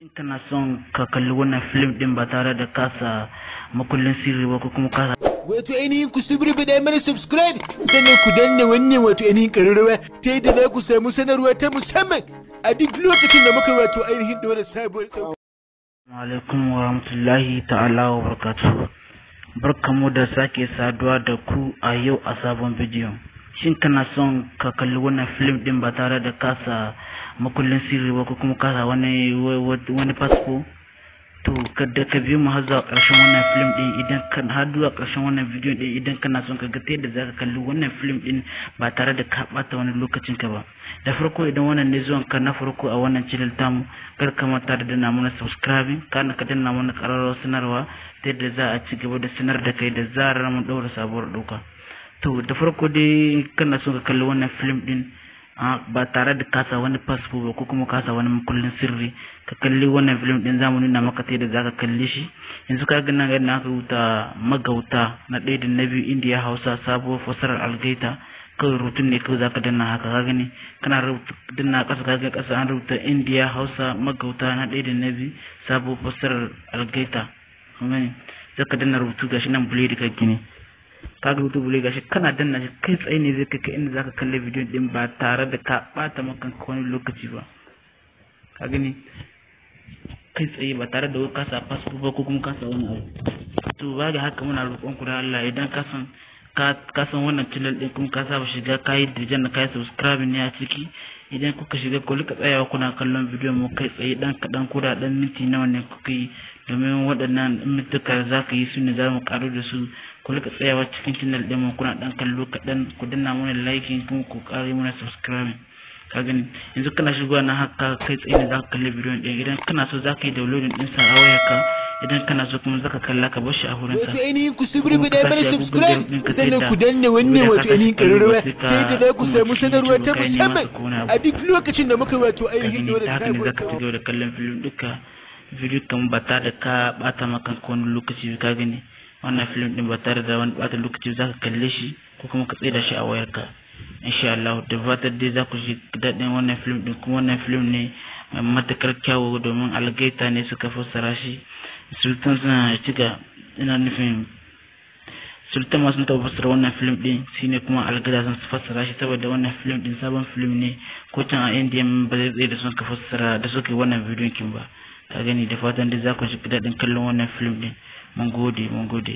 in kana son ka kalli wannan film din ba tare da kasa makullin sirri ba ko kuma kasa wato ainihin ku subri bi dai mana subscribe sannan ku danna wannan wato ainihin kararrawa ta yadda za ku samu sanarwa ta musamman a duk lokacin da muka wato ainihin dole sabuwar ɗauka. alaikum wa rahmatullahi ta'ala wa barkatu barkamu da sake saduwa da ku a yau a sabon bidiyon shin kana son ka kalli wannan film din ba tare da kasa makullin sirri ba ko kuma kasa wani wani fasfo to kada ka biyo mu har a ƙarshen wannan film din idan ka hadu a ƙarshen wannan video din idan kana son ka ga ta yadda zaka kalli wannan film din ba tare da ka bata wani lokacin ka ba da farko idan wannan ne zuwan ka na farko a wannan channel tamu kar ka manta da danna mana subscribing kana ka danna mana ƙararrawar sanarwa ta yadda za a ci gaba da sanar da kai da zarar mun ɗaura sabuwar ɗauka to da farko dai kana son ka kalli wannan film din Ah, ba tare da kasa wani fasfo ba ko kuma kasa wani makullin sirri ka kalli wannan film din zamani na maka ta zaka kalli shi yanzu ka ga nan na aka rubuta magauta na ɗaya da na biyu indiya hausa sabuwar fasarar algaita kawai rutun ne kawai zaka danna haka ka gani kana rubuta danna ƙasa ka ga ƙasa an rubuta indiya hausa magauta na ɗaya da na biyu sabuwar fasarar algaita ka gani zaka danna rubutu gashi nan bule da ka gini ka ga hutu bule gashi kana danna shi kai tsaye ne zai kai inda zaka kalle video din ba tare da ka bata maka wani lokaci ba ka gani kai tsaye ba tare da ka sa passport ba ko kuma ka sa wani abu to ba ga haka muna roƙon ku da Allah idan ka san ka san wannan channel din kuma ka saba shiga ka yi dijan ka yi subscribe ne a ciki idan kuka shiga ko lika tsayawa kuna kallon bidiyo mu kai tsaye dan kaɗan ko da dan minti nawa ne kuka yi domin waɗannan mintuka za ka yi su ne za mu karu da su ku rika tsayawa cikin channel din mu kuna dan kallo kadan ku danna mana liking kuma ku kare mana subscribe ka gani yanzu kana shigowa na haka kai tsaye ne za ka kalli bidiyon ɗin idan kana so za ka yi downloading din sa a wayarka idan kana so kuma za ka kalla ka bashi a wurin sa wato ainihin ku subiri bi mana subscribe sannan ku danna wannan wato ainihin ƙararrawa ta yadda za ku samu sanarwa ta musamman a duk lokacin da muka wato ainihin dole sabon ka gani za ka da kallon filin duka bidiyo kan ba ta da ka bata maka wani lokaci ka gani wannan filin din ba tare da wani bata lokaci za ka kalle shi ko kuma ka tsira shi a wayarka insha Allah da fatar dai za ku ji daɗin wannan filin din kuma wannan filin ne mai matakar kyawu domin algaita ne suka fassara shi sultan suna cika ina nufin sultan masu taɓa fassara wannan filin din shine kuma algada sun fassara shi saboda wannan filin din sabon filin ne ko can a indiya ba zai tsaye da suka fassara da suka yi wannan bidiyon kin ba ka gani da fatan dai za ku ji daɗin kallon wannan filin din 蒙古队，蒙古队。